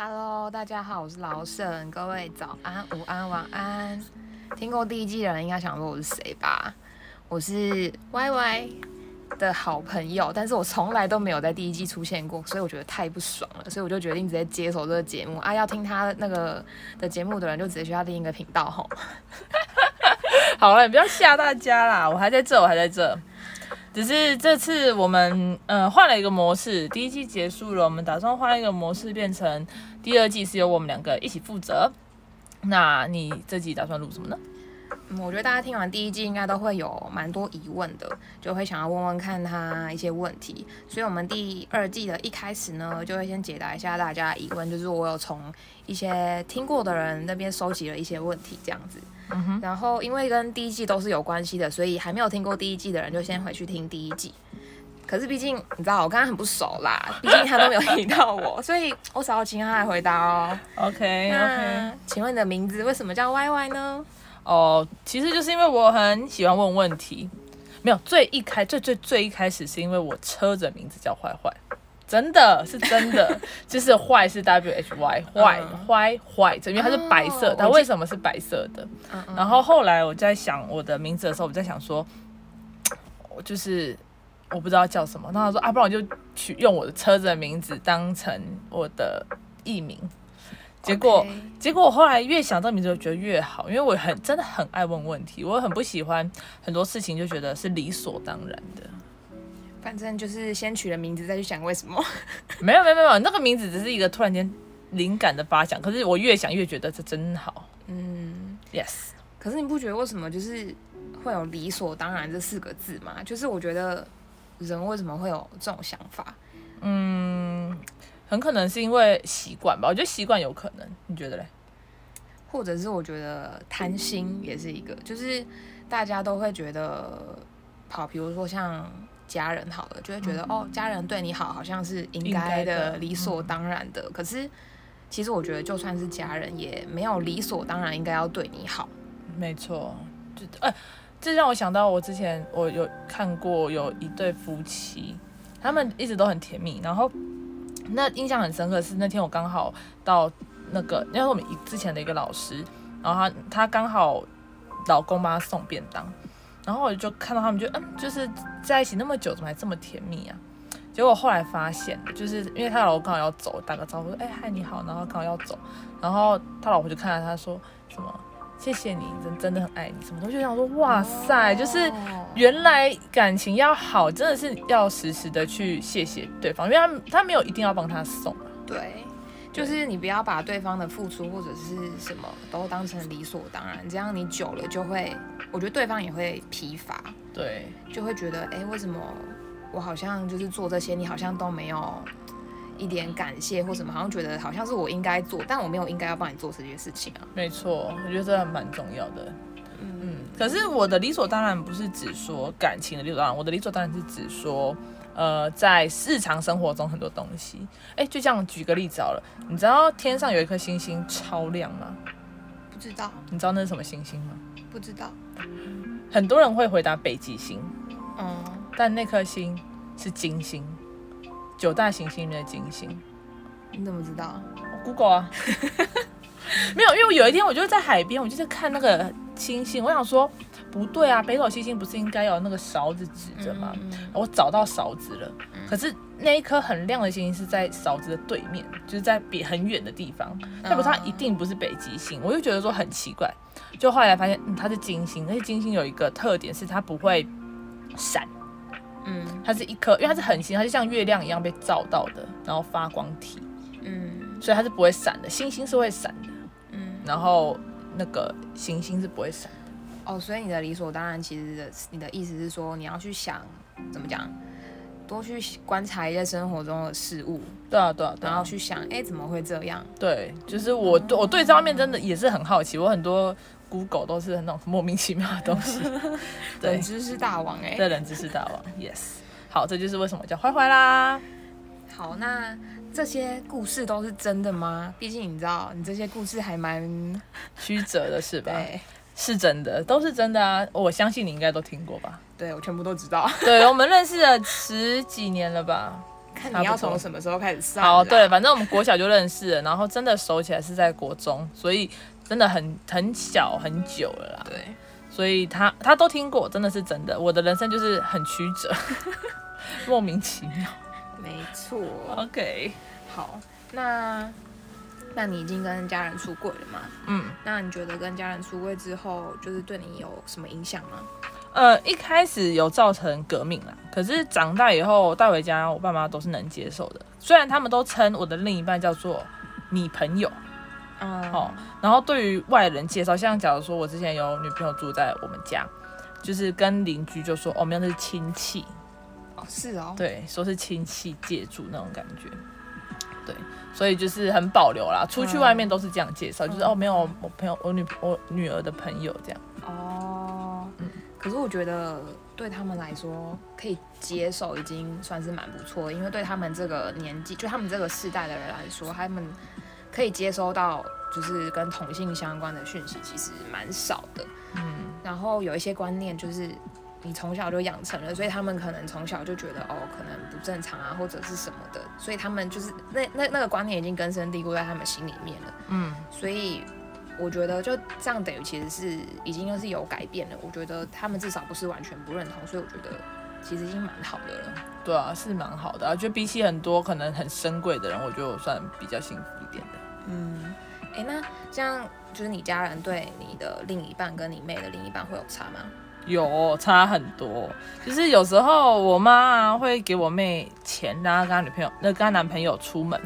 Hello，大家好，我是老沈，各位早安、午安、晚安。聽過第一季的人應該想說我是誰吧？我是 Y Y 的好朋友，但是我從來都沒有在第一季出現過，所以我覺得太不爽了，所以我就決定直接接手這個節目啊！要聽他的那個的節目的人就直接去他另一個頻道吼。 好了，你不要嚇大家啦，我還在這，我還在這。只是這次我們呃換了一個模式，第一季結束了，我們打算換一個模式，變成第二季是由我們兩個一起負責。那你這季打算錄什麼呢？嗯、我覺得大家聽完第一季應該都會有蠻多疑問的，就會想要問問看他一些問題，所以我們第二季的一開始呢，就會先解答一下大家的疑問，就是我有從一些聽過的人那邊收集了一些問題這樣子。嗯、哼然後因為跟第一季都是有關係的，所以還沒有聽過第一季的人就先回去聽第一季。可是畢竟你知道，我跟他很不熟啦，畢竟他都沒有提到我， 所以我只好請他來回答哦、喔。OK OK。那請問你的名字為什麼叫 Y Y 呢？哦，其實就是因為我很喜歡問問題，沒有，最一開，最最最一開始是因為我車子的名字叫壞壞，真的是真的， 就是壞是 W H Y 壞壞壞，因為它是白色，它、uh huh. 為什麼是白色的？Uh huh. 然後後來我在想我的名字的時候，我在想說，我就是我不知道叫什麼，然後他說啊，不然我就取用我的車子的名字當成我的藝名。結果，Okay 結果我後來越想這個名字，我覺得越好，因為我很真的很愛問問題，我很不喜歡很多事情就覺得是理所當然的。反正就是先取了名字，再去想為什麼。 沒有沒有沒有，那個名字只是一個突然間靈感的發想，可是我越想越覺得這真好。嗯，Yes。可是你不覺得為什麼就是會有理所當然這四個字嗎？就是我覺得人為什麼會有這種想法？嗯。很可能是因為習慣吧，我覺得習慣有可能，你覺得嘞？或者是我覺得貪心也是一個，就是大家都會覺得，好，比如說像家人好了，就會覺得、嗯、哦，家人對你好好像是應該的、應該的理所當然的。嗯、可是其實我覺得就算是家人，也沒有理所當然應該要對你好。沒錯，就哎、呃，這讓我想到我之前我有看過有一對夫妻，他們一直都很甜蜜，然後。那印象很深刻的是那天我剛好到那個，那是我們之前的一個老師，然後他他剛好老公幫他送便當，然後我就看到他們就嗯就是在一起那麼久怎麼還這麼甜蜜啊？結果後來發現就是因為他老公剛好要走，打個招呼說，說哎嗨你好，然後剛好要走，然後他老婆就看到他說什麼？謝謝你，真真的很愛你。什麼東西我想說？哇塞，哦、就是原來感情要好，真的是要時時的去謝謝對方，因為他他沒有一定要幫他送，啊。對，就是你不要把對方的付出或者是什麼都當成理所當然，這樣你久了就會，我覺得對方也會疲乏。對，就會覺得哎，為什麼我好像就是做這些，你好像都沒有。一點感謝或什麼，好像覺得好像是我應該做，但我沒有應該要幫你做這件事情啊。沒錯，我覺得這還蠻重要的。嗯嗯，可是我的理所當然不是指說感情的理所當然，我的理所當然是指說，呃，在日常生活中很多東西。哎，就這樣舉個例子好了，你知道天上有一顆星星超亮嗎？不知道。你知道那是什麼星星嗎？不知道。很多人會回答北極星。嗯，但那顆星是金星。九大行星裡面的金星，你怎麼知道？我 Google 啊， 沒有，因為我有一天我就是在海邊，我就是在看那個星星，我想說不對啊，北斗七星，星不是應該有那個勺子指着嗎？嗯、我找到勺子了，嗯、可是那一顆很亮的星星是在勺子的對面，就是在比很遠的地方，那不、嗯、它一定不是北極星，我就覺得說很奇怪，就後來發現、嗯、它是金星，而且金星有一個特點是它不會閃。嗯，它是一顆，因為它是恆星，它就像月亮一樣被照到的，然後發光體，嗯，所以它是不會閃的。星星是會閃的，嗯，然後那個行星是不會閃的。哦，所以你的理所當然，其實的你的意思是說，你要去想怎麼講，多去觀察一下生活中的事物。對啊，對，啊對，啊對啊，對啊，然後去想，哎、欸，怎麼會這樣？對，就是我我對這方面真的也是很好奇，我很多。Google 都是那種莫名其妙的東西，冷知識大王哎、欸，對，冷知識大王 ，yes，好，這就是為什麼我叫壞壞啦。好，那這些故事都是真的嗎？畢竟你知道，你這些故事還蠻曲折的，是吧？對，是真的，都是真的啊。我相信你應該都聽過吧？對，我全部都知道。 對，我們認識了十幾年了吧？看你要從什麼時候開始上？哦，對，反正我們國小就認識了，然後真的熟起來是在國中，所以。真的很很小很久了啦，對，所以他他都聽過，真的是真的。我的人生就是很曲折， 莫名其妙。沒錯錯，OK，好，那那你已經跟家人出軌了嗎？嗯，那你覺得跟家人出軌之後，就是對你有什麼影響嗎？呃，一開始有造成革命啦，可是長大以後帶回家，我爸媽都是能接受的。雖然他們都稱我的另一半叫做你朋友。嗯、哦，然後對於外人介紹，像假如說我之前有女朋友住在我們家，就是跟鄰居就說哦，沒有，那、就是親戚。哦，是哦。對，說是親戚借住那種感覺。對，所以就是很保留啦。出去外面都是這樣介紹，嗯、就是哦，沒有我朋友，我女我女兒的朋友這樣。哦，嗯。可是我覺得對他們來說可以接受，已經算是蠻不錯，因為對他們這個年紀，就他們這個世代的人來說，他們。可以接收到就是跟同性相關的訊息，其實蠻少的。嗯，然後有一些觀念就是你從小就養成了，所以他們可能從小就覺得哦，可能不正常啊，或者是什麼的，所以他們就是那那那個觀念已經根深蒂固在他們心裡面了。嗯，所以我覺得就這樣等於其實是已經就是有改變了。我覺得他們至少不是完全不認同，所以我覺得其實已經蠻好的了。對啊，是蠻好的啊。就比起很多可能很深櫃的人，我覺得我算比較幸福一點的。嗯，哎、欸，那這樣就是你家人對你的另一半跟你妹的另一半會有差嗎？有差很多，就是有時候我媽會給我妹錢，讓她跟她女朋友，那跟她男朋友出門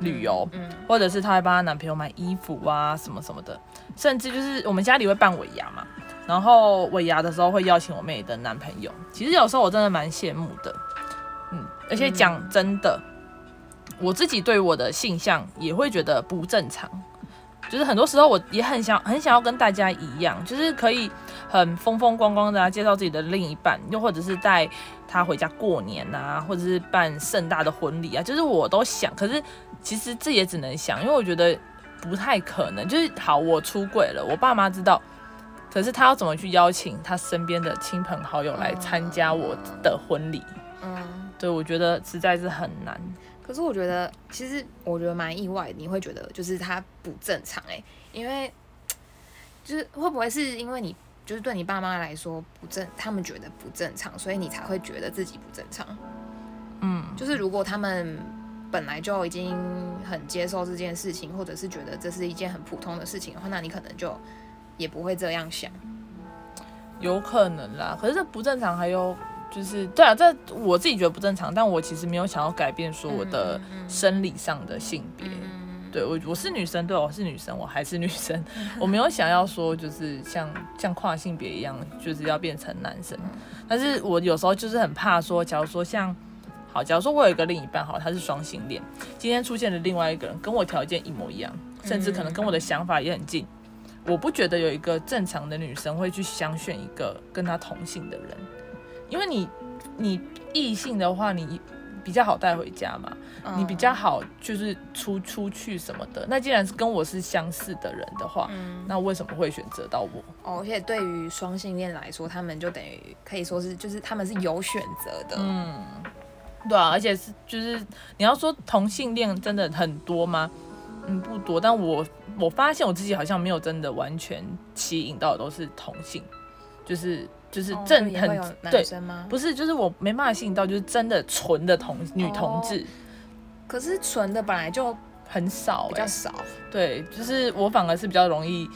旅遊，嗯嗯、或者是她會幫她男朋友買衣服啊什麼什麼的，甚至就是我們家裡會辦尾牙嘛，然後尾牙的時候會邀請我妹的男朋友，其實有時候我真的蠻羨慕的，嗯，而且講真的。嗯。我自己對我的性向也會覺得不正常，就是很多時候我也很想很想要跟大家一樣，就是可以很風風光光的、啊、介紹自己的另一半，又或者是帶他回家過年啊，或者是辦盛大的婚禮啊，就是我都想。可是其實這也只能想，因為我覺得不太可能。就是好，我出櫃了，我爸媽知道，可是他要怎麼去邀請他身邊的親朋好友來參加我的婚禮？嗯，嗯，對我覺得實在是很難。可是我覺得，其實我覺得蠻意外的，你會覺得就是他不正常哎、欸，因為就是會不會是因為你就是對你爸媽來說不正，他們覺得不正常，所以你才會覺得自己不正常。嗯，就是如果他們本來就已經很接受這件事情，或者是覺得這是一件很普通的事情的話，那你可能就也不會這樣想。有可能啦，可是這不正常還有。就是對啊，這我自己覺得不正常，但我其實沒有想要改變，說我的生理上的性別。對我，我是女生，對我是女生，我還是女生，我沒有想要說就是像像跨性別一樣，就是要變成男生。但是我有時候就是很怕說，假如說像好，假如說我有一個另一半，好，她是雙性戀，今天出現了另外一個人，跟我條件一模一樣，甚至可能跟我的想法也很近，我不覺得有一個正常的女生會去相選一個跟她同性的人。因為你，你異性的話，你比較好帶回家嘛，嗯、你比較好就是出出去什麼的。那既然是跟我是相似的人的話，嗯、那為什麼會選擇到我？哦，而且對於雙性戀來說，他們就等於可以說是，就是他們是有選擇的。嗯，對啊，而且是就是你要說同性戀真的很多嗎？嗯，不多。但我我發現我自己好像沒有真的完全吸引到的都是同性，就是。就是正很、哦、有男生嗎？不是就是我沒辦法吸引到，就是真的純的同、哦、女同志。可是純的本來就很少，欸，比較少。對，就是我反而是比較容易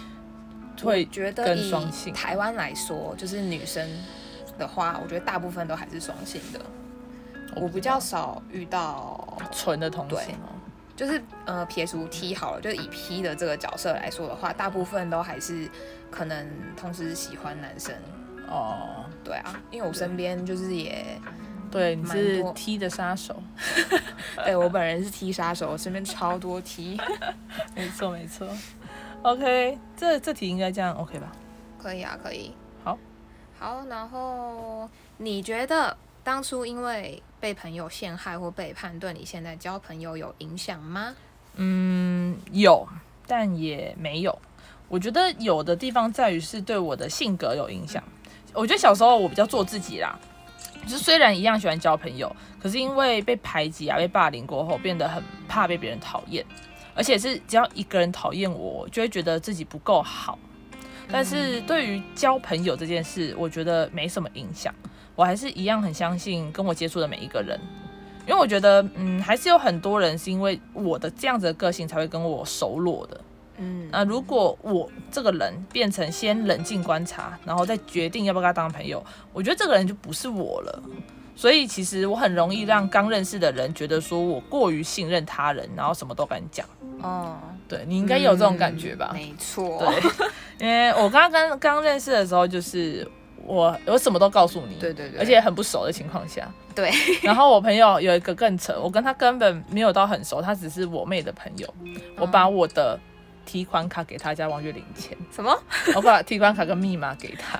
會覺得跟雙性。台灣來說，就是女生的話，我覺得大部分都還是雙性的。我，我比較少遇到純的同性，對就是呃撇除 T 好了，就以 P 的這個角色來說的話，大部分都還是可能同時喜歡男生。哦，oh, 對啊，因為我身邊就是也對,滿多 對，你是踢的殺手， 對，我本人是踢殺手，我身邊超多踢 沒，沒錯沒錯，OK，這這題應該這樣 OK 吧？可以啊，可以，好，好，然後你覺得當初因為被朋友陷害或背叛，對你現在交朋友有影響嗎？嗯，有，但也沒有，我覺得有的地方在於是對我的性格有影響。嗯我覺得小時候我比較做自己啦，就是雖然一樣喜歡交朋友，可是因為被排擠啊、被霸凌過後，變得很怕被別人討厭，而且是只要一個人討厭我，就會覺得自己不夠好。但是對於交朋友這件事，我覺得沒什麼影響，我還是一樣很相信跟我接觸的每一個人，因為我覺得，嗯，還是有很多人是因為我的這樣子的個性才會跟我熟絡的。嗯，那如果我這個人變成先冷靜觀察，然後再決定要不要跟他當朋友，我覺得這個人就不是我了。所以其實我很容易讓剛認識的人覺得說我過於信任他人，然後什麼都敢講。哦，對，你應該有這種感覺吧？嗯，沒錯，對，因為我剛剛剛認識的時候，就是我我什麼都告訴你，對對對，而且很不熟的情況下，對。然後我朋友有一個更扯，我跟他根本沒有到很熟，他只是我妹的朋友，我把我的。嗯提款卡給他家王月領錢什麼？我 把提款卡跟密碼給他。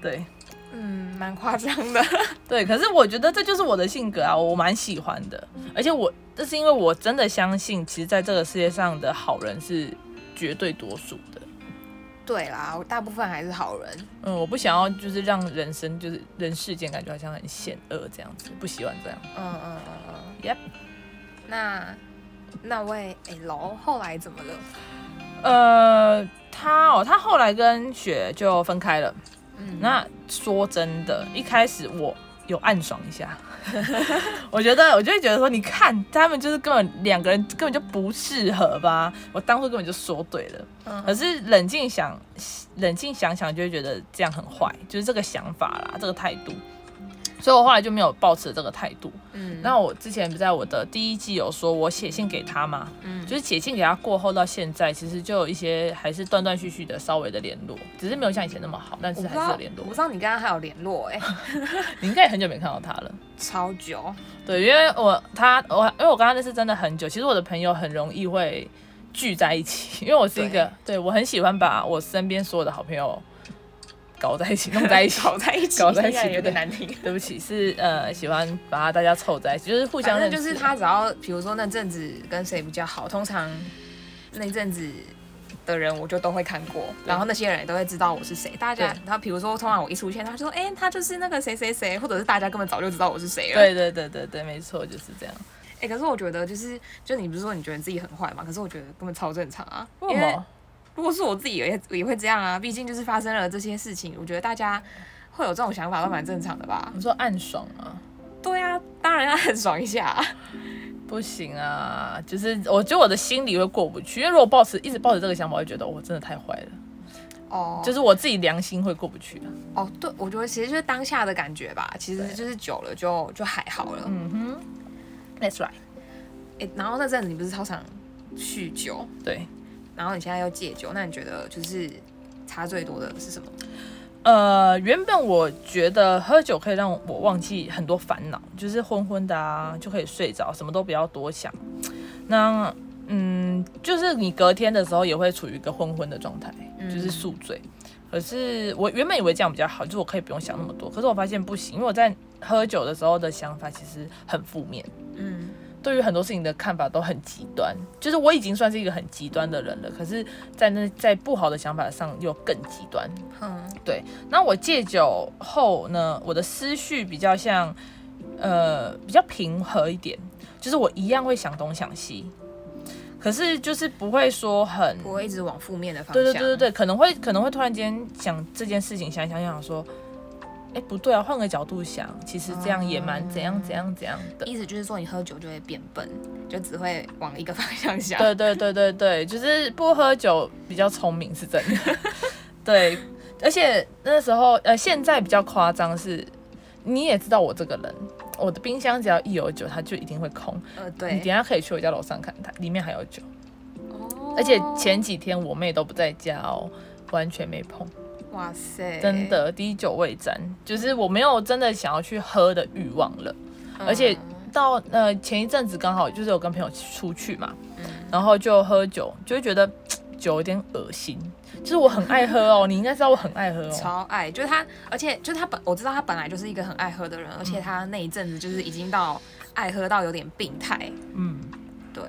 對，嗯，蠻誇張的。對，可是我覺得這就是我的性格啊，我蠻喜歡的。嗯、而且我這是因為我真的相信，其實在這個世界上的好人是絕對多數的。對啦，我大部分還是好人。嗯，我不想要就是讓人生就是人世間感覺好像很險惡這樣子，不喜歡這樣。嗯嗯嗯嗯，Yep Yeah.。那那位哎樓後來怎麼了？呃，他哦，他後來跟雪就分開了。嗯，那說真的，一開始我有暗爽一下， 我覺得我就會覺得說，你看他們就是根本兩個人根本就不適合吧，我當初根本就說對了。嗯，可是冷靜想，冷靜想想就會覺得這樣很壞，就是這個想法啦，這個態度。所以，我後來就沒有抱持這個態度。嗯，那我之前不在我的第一季有說我寫信給他嘛？嗯，就是寫信給他過後到現在，其實就有一些還是斷斷續續的稍微的聯絡，只是沒有像以前那麼好，但是還是有聯絡我。我不知道你跟他還有聯絡哎、欸， 你應該也很久沒看到他了，超久。對，因為我他我因為我跟他認識真的很久。其實我的朋友很容易會聚在一起，因為我是一個對，對我很喜歡把我身邊所有的好朋友。搞在一起，弄在一起， 搞在一起， 搞在一起，有點難聽。也對，對不起，是呃，喜歡把大家湊在一起，就是互相認識。就是他只要比如說那陣子跟誰比較好，通常那一陣子的人我就都會看過，然後那些人也都會知道我是誰。對 大家，然後比如說通常我一出現，他就說，哎、欸，他就是那個誰誰誰，或者是大家根本早就知道我是誰了。對對對對對，沒錯，就是這樣。哎、欸，可是我覺得就是就你不是說你覺得你自己很壞嘛？可是我覺得根本超正常啊。為什麼？如果是我自己也也會這樣啊，畢竟就是發生了這些事情，我覺得大家會有這種想法都蠻正常的吧。你說暗爽啊？對啊，當然要暗爽一下。不行啊，就是我覺得我的心裡會過不去，因為如果抱持一直抱着這個想法，我就覺得我真的太壞了。哦，oh, 就是我自己良心會過不去啊。哦，oh, 對，我覺得其實就是當下的感覺吧，其實就是久了就了就，就還好了。嗯哼，That's right。哎，然後那陣子你不是超常酗酒？對。然後你現在要戒酒，那你覺得就是差最多的是什麼？呃，原本我覺得喝酒可以讓我忘記很多煩惱，就是昏昏的啊，嗯、就可以睡着，什麼都不要多想。那嗯，就是你隔天的時候也會處於一個昏昏的狀態，嗯、就是宿醉。可是我原本以為這樣比較好，就是我可以不用想那麼多。可是我發現不行，因為我在喝酒的時候的想法其實很負面。嗯。對於很多事情的看法都很極端，就是我已經算是一個很極端的人了。可是，在那在不好的想法上又更極端。嗯，對。那我戒酒後呢，我的思緒比較像，呃，比較平和一點。就是我一樣會想東想西，可是就是不會說很，不會一直往負面的方向。對對對對，可能會可能會突然間想這件事情，想一想一想，一想說。哎，欸、不對啊，換個角度想，其實這樣也蠻怎樣怎樣怎樣的。嗯、意思就是說，你喝酒就會變笨，就只會往一個方向想。對對對對對，就是不喝酒比較聰明是真的。 對，而且那時候呃，現在比較誇張是，你也知道我這個人，我的冰箱只要一有酒，它就一定會空。呃，對，你等一下可以去我家樓上看它，它裡面還有酒。哦、而且前幾天我妹都不在家哦，完全沒碰。哇塞，真的滴酒未沾，就是我沒有真的想要去喝的欲望了。嗯、而且到呃前一陣子剛好就是有跟朋友出去嘛，嗯、然後就喝酒，就會覺得酒有點噁心。就是我很愛喝哦，你應該知道我很愛喝哦，超愛。就是他，而且就他本我知道他本來就是一個很愛喝的人，而且他那一陣子就是已經到愛喝到有點病態。嗯，對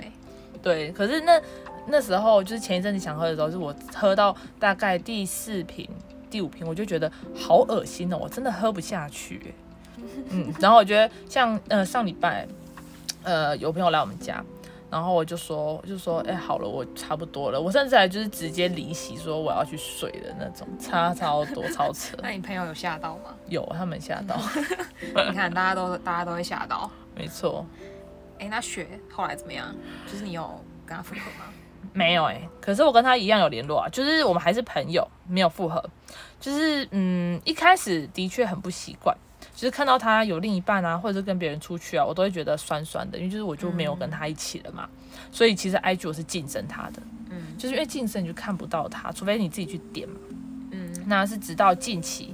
對，可是那那時候就是前一陣子想喝的時候，是我喝到大概第四瓶。第五瓶我就覺得好噁心哦，我真的喝不下去。嗯，然後我覺得像呃上禮拜，呃有朋友來我們家，然後我就說就說哎、欸、好了，我差不多了，我甚至還就是直接離席，說我要去睡的那種，差超多超扯。 那你朋友有嚇到嗎？有，他們嚇到、 嗯。你看大家都大家都會嚇到，沒錯。哎、欸，那雪後來怎麼樣？就是你有跟他復合嗎？沒有誒、欸，可是我跟他一樣有聯絡啊，就是我們還是朋友，沒有復合。就是嗯，一開始的確很不習慣，就是看到他有另一半啊，或者是跟別人出去啊，我都會覺得酸酸的，因為就是我就沒有跟他一起了嘛。嗯、所以其實 IG 我是晉升他的，嗯，就是因為晉升你就看不到他，除非你自己去點嘛，嗯，那是直到近期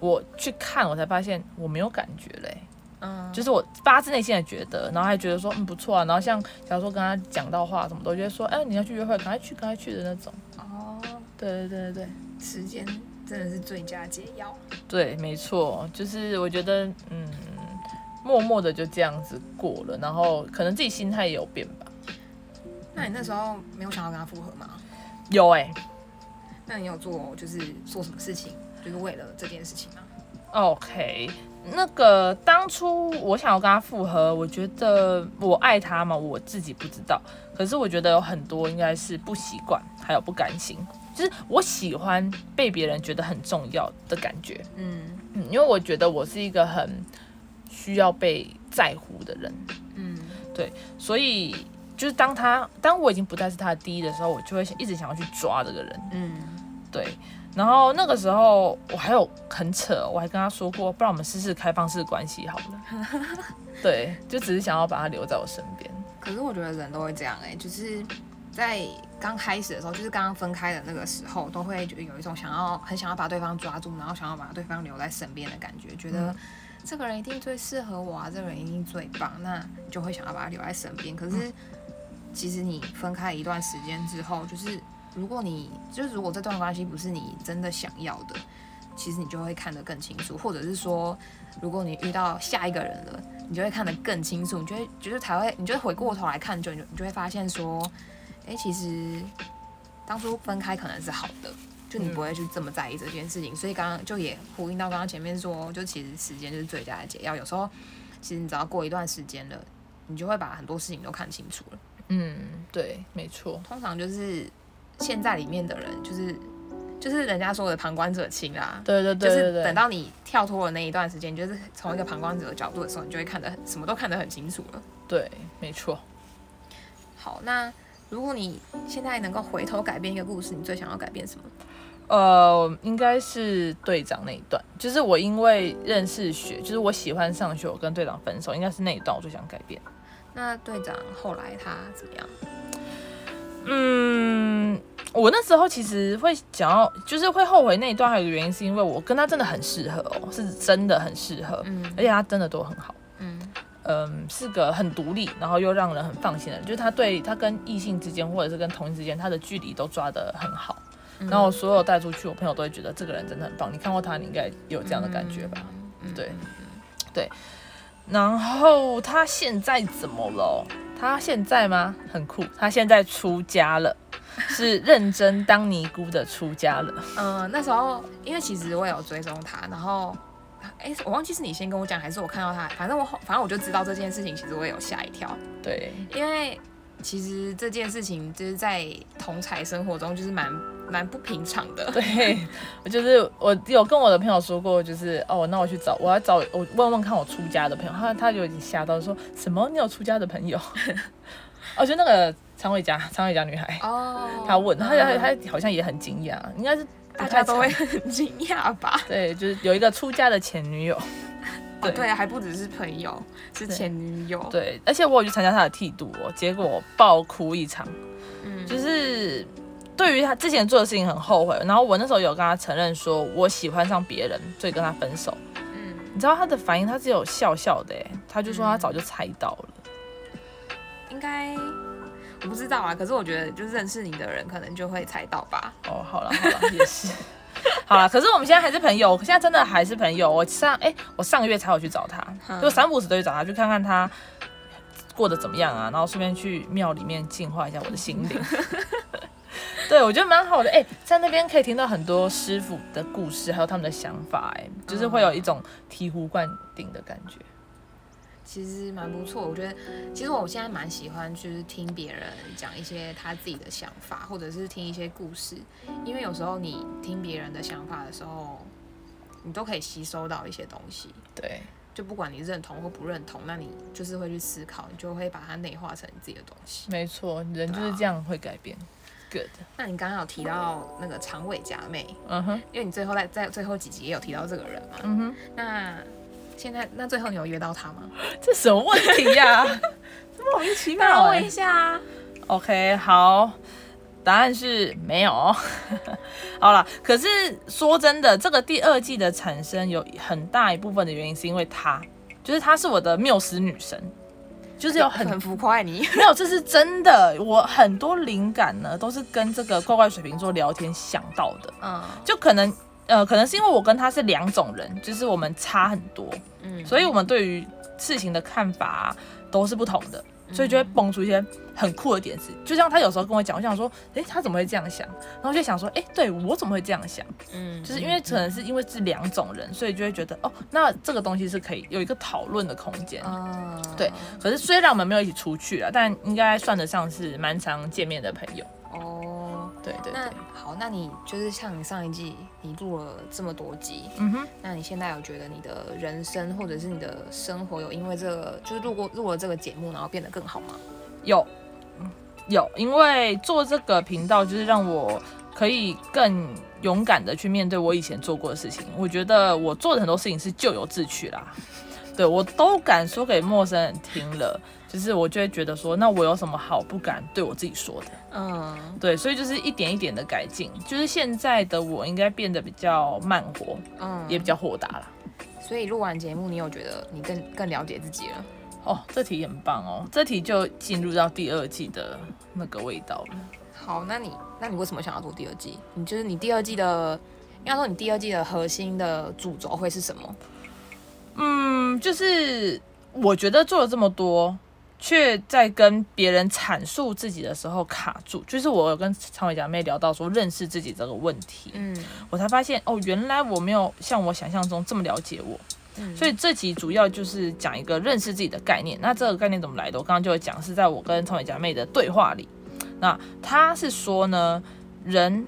我去看，我才發現我沒有感覺嘞、欸。嗯，就是我發自內心的覺得，然後還覺得說，嗯不錯啊，然後像假如說跟他講到話什麼都覺得說，哎，你要去約會，趕快去，趕快去的那種。哦，對對對對，時間真的是最佳解藥。對，沒錯，就是我覺得，嗯，默默的就這樣子過了，然後可能自己心態也有變吧。那你那時候沒有想要跟他復合嗎？有哎。那你有做就是做什麼事情，就是為了這件事情嗎？OK，那個當初我想要跟他復合，我覺得我愛他嘛，我自己不知道。可是我覺得有很多應該是不習慣，還有不甘心。就是我喜歡被別人覺得很重要的感覺，嗯嗯，因為我覺得我是一個很需要被在乎的人，嗯，對。所以就是當他當我已經不再是他的第一的時候，我就會想一直想要去抓這個人，嗯，對。然後那個時候我還有很扯，我還跟他說過，不然我們試試開放式關係好了。對，就只是想要把他留在我身邊。可是我覺得人都會這樣誒、欸，就是在剛開始的時候，就是剛剛分開的那個時候，都會覺得有一種想要很想要把對方抓住，然後想要把對方留在身邊的感覺，覺得這個人一定最適合我啊，這個人一定最棒，那就會想要把他留在身邊。可是其實你分開一段時間之後，就是。如果你就是如果這段關係不是你真的想要的，其實你就會看得更清楚，或者是說，如果你遇到下一個人了，你就會看得更清楚。你就會覺得、就是、才會，你就會回過頭來看就你你就會發現說，哎、欸，其實當初分開可能是好的，就你不會去這麼在意這件事情。嗯、所以剛剛就也呼應到剛剛前面說，就其實時間就是最佳的解藥。有時候其實你只要過一段時間了，你就會把很多事情都看清楚了。嗯，對，沒錯，通常就是。現在裡面的人，就是就是人家說的旁觀者清啊。對對，對對對，就是等到你跳脫了那一段時間，就是從一個旁觀者的角度的時候，你就會看得很什麼都看得很清楚了。對，沒錯。好，那如果你現在能夠回頭改變一個故事，你最想要改變什麼？呃，應該是隊長那一段，就是我因為認識雪，就是我喜歡上雪，我跟隊長分手，應該是那一段我最想改變。那隊長後來他怎麼樣？嗯，我那時候其實會想要，就是會後悔那一段。還有一個原因是因為我跟他真的很適合哦，是真的很適合。嗯，而且他真的都很好。嗯，嗯，是個很獨立，然後又讓人很放心的人。就是他對他跟異性之間，或者是跟同性之間，他的距離都抓得很好。然後所有帶出去，我朋友都會覺得這個人真的很棒。你看過他，你應該有這樣的感覺吧？嗯，對，嗯嗯，對。然後他現在怎麼了？他現在嗎？很酷，他現在出家了，是認真當尼姑的出家了。 嗯，那時候因為其實我有追蹤他，然後哎、欸，我忘記是你先跟我講，還是我看到他，反正我反正我就知道這件事情，其實我也有嚇一跳。對，因為其實這件事情就是在同儕生活中就是蠻。蠻不平常的，對，我就是我有跟我的朋友說過，就是哦，那我去找，我要找，我問問看我出家的朋友，後他他就已經嚇到說，說什麼你有出家的朋友？而且、 哦、那個常衛佳，常衛佳女孩，哦，她問，她，她、um, 好像也很驚訝，應該是大家都會很驚訝吧？對，就是有一個出家的前女友、 哦，對，還不只是朋友，是前女友，對，對，而且我有去參加她的剃度、哦，結果爆哭一場，嗯，就是。對於他之前做的事情很後悔，然後我那時候有跟他承認說我喜歡上別人，所以跟他分手。嗯，你知道他的反應，他只有笑笑的，他就說他早就猜到了。應該我不知道啊，可是我覺得就認識你的人可能就會猜到吧。哦，好了好了， 也是，好了。可是我們現在還是朋友，現在真的還是朋友。我上哎，我上個月才有去找他，嗯、就三不五時都去找他，去看看他過得怎麼樣啊，然後順便去廟裡面淨化一下我的心靈。 對，我覺得蠻好的。哎，在那邊可以聽到很多師傅的故事，還有他們的想法，哎，就是會有一種醍醐灌頂的感覺。嗯，其實蠻不錯，我覺得。其實我現在蠻喜歡，就是聽別人講一些他自己的想法，或者是聽一些故事，因為有時候你聽別人的想法的時候，你都可以吸收到一些東西。對。就不管你認同或不認同，那你就是會去思考，你就會把它內化成你自己的東西。沒錯，人就是這樣會改變。Good. 那，你剛剛有提到那個長尾夾妹，嗯哼、uh，huh. 因為你最後在在最後幾集也有提到這個人嘛，嗯哼、uh，huh. 那現在那最後你有約到他嗎？這什麼問題呀、啊？ 這麼莫名其妙、欸，那我問一下啊。OK，好，答案是沒有。 好了，可是說真的，這個第二季的產生有很大一部分的原因是因為他，就是他是我的繆斯女神。就是有很，有很浮誇，你沒有，這是真的。我很多靈感呢，都是跟這個怪怪水瓶座聊天想到的。嗯，就可能呃，可能是因為我跟他是兩種人，就是我們差很多，嗯，所以我們對於事情的看法啊，都是不同的。所以就會蹦出一些很酷的點子，就像他有時候跟我講，我想說，誒、欸，他怎麼會這樣想？然後我就想說，誒、欸，對我怎麼會這樣想？嗯，就是因為可能是因為是兩種人，所以就會覺得，哦，那這個東西是可以有一個討論的空間。嗯、對。可是雖然我們沒有一起出去了，但應該算得上是蠻常見面的朋友。哦，oh, 對，對對，那好，那你就是像你上一季，你錄了這麼多集，嗯哼，那你現在有覺得你的人生或者是你的生活有因為這個，就是錄過錄了這個節目，然後變得更好嗎？有，有，因為做這個頻道，就是讓我可以更勇敢的去面對我以前做過的事情。我覺得我做的很多事情是咎由自取啦。對，我都敢說給陌生人聽了，就是我就會覺得說，那我有什麼好不敢對我自己說的？嗯，對，所以就是一點一點的改進，就是現在的我應該變得比較慢活，嗯，也比較豁達了。所以錄完節目，你有覺得你更更了解自己了？哦，這題很棒哦，這題就進入到第二季的那個味道了。好，那你那你為什麼想要做第二季？你就是你第二季的應該說你第二季的核心的主軸會是什麼？嗯，就是我覺得做了這麼多，卻在跟別人闡述自己的時候卡住。就是我跟長尾夾妹聊到說，認識自己這個問題，嗯，我才發現哦，原來我沒有像我想象中這麼了解我。嗯，所以這集主要就是講一個認識自己的概念。那這個概念怎麼來的？我剛剛就有講是在我跟長尾夾妹的對話裡。那他是說呢，人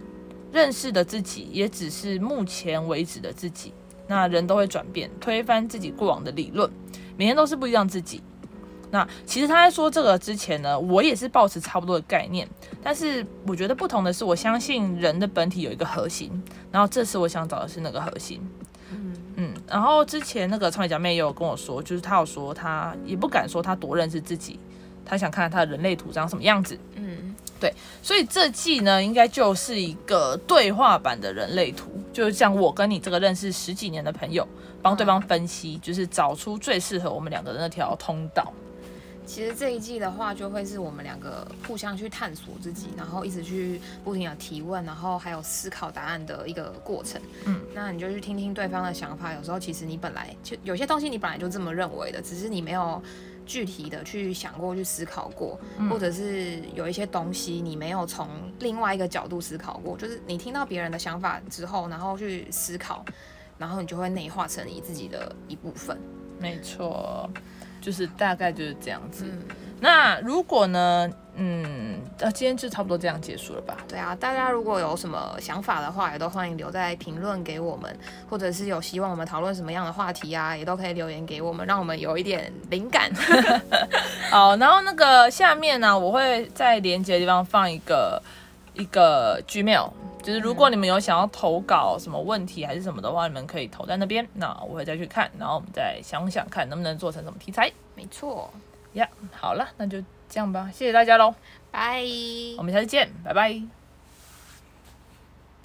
認識的自己也只是目前為止的自己。那人都會轉變，推翻自己過往的理論，每天都是不一樣自己。那其實他在說這個之前呢，我也是保持差不多的概念，但是我覺得不同的是，我相信人的本體有一個核心，然後這次我想找的是那個核心。嗯嗯，然後之前那個創業家妹也有跟我說，就是他有說他也不敢說他多認識自己，他想看看他的人類圖長什麼樣子。嗯，對，所以這季呢，應該就是一個對話版的人類圖。就是像我跟你這個認識十幾年的朋友，幫對方分析，嗯，就是找出最適合我們兩個的那條通道。其實這一季的話，就會是我們兩個互相去探索自己，然後一直去不停地提問，然後還有思考答案的一個過程。嗯，那你就去聽聽對方的想法，有時候其實你本來就有些東西，你本來就這麼認為的，只是你沒有。具體的去想過、去思考過，嗯、或者是有一些東西你沒有從另外一個角度思考過，就是你聽到別人的想法之後，然後去思考，然後你就會內化成你自己的一部分。沒錯。就是大概就是這樣子。嗯、那如果呢，嗯，那今天就差不多這樣結束了吧？對啊，大家如果有什麼想法的話，也都歡迎留在評論給我們，或者是有希望我們討論什麼樣的話題啊，也都可以留言給我們，讓我們有一點靈感。 好，然後那個下面呢、啊，我會在連接的地方放一個一個 Gmail。就是如果你們有想要投稿什麼問題還是什麼的話，你們可以投在那邊，那我會再去看，然後我們再想想看能不能做成什麼題材。沒錯呀，yeah, 好了，那就這樣吧，謝謝大家嘍，拜 Bye，我們下次見，拜拜。